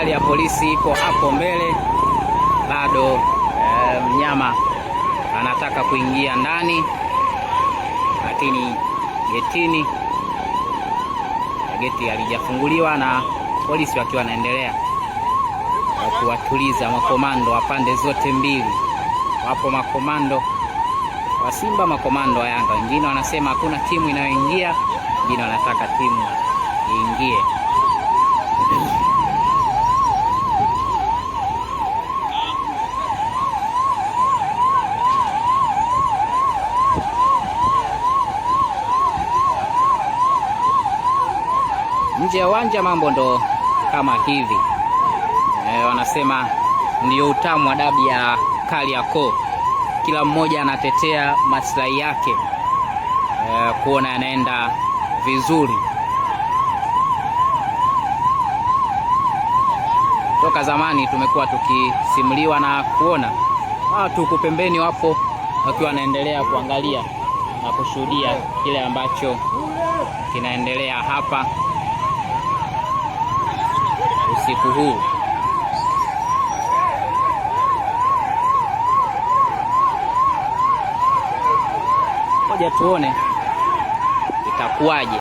gari ya polisi ipo hapo mbele, bado e, mnyama anataka kuingia ndani, lakini getini, geti halijafunguliwa na polisi wakiwa wanaendelea kuwatuliza makomando wa pande zote mbili. Wapo makomando wa Simba, makomando wa Yanga. Wengine wanasema hakuna timu inayoingia, wengine wanataka timu iingie. Nje ya uwanja mambo ndo kama hivi e, wanasema ndio utamu wa dabi ya ko Kila mmoja anatetea maslahi yake e, kuona yanaenda vizuri. Toka zamani tumekuwa tukisimuliwa na kuona watu huku pembeni wapo wakiwa wanaendelea kuangalia na kushuhudia kile ambacho kinaendelea hapa usiku huu. Ngoja tuone itakuwaje.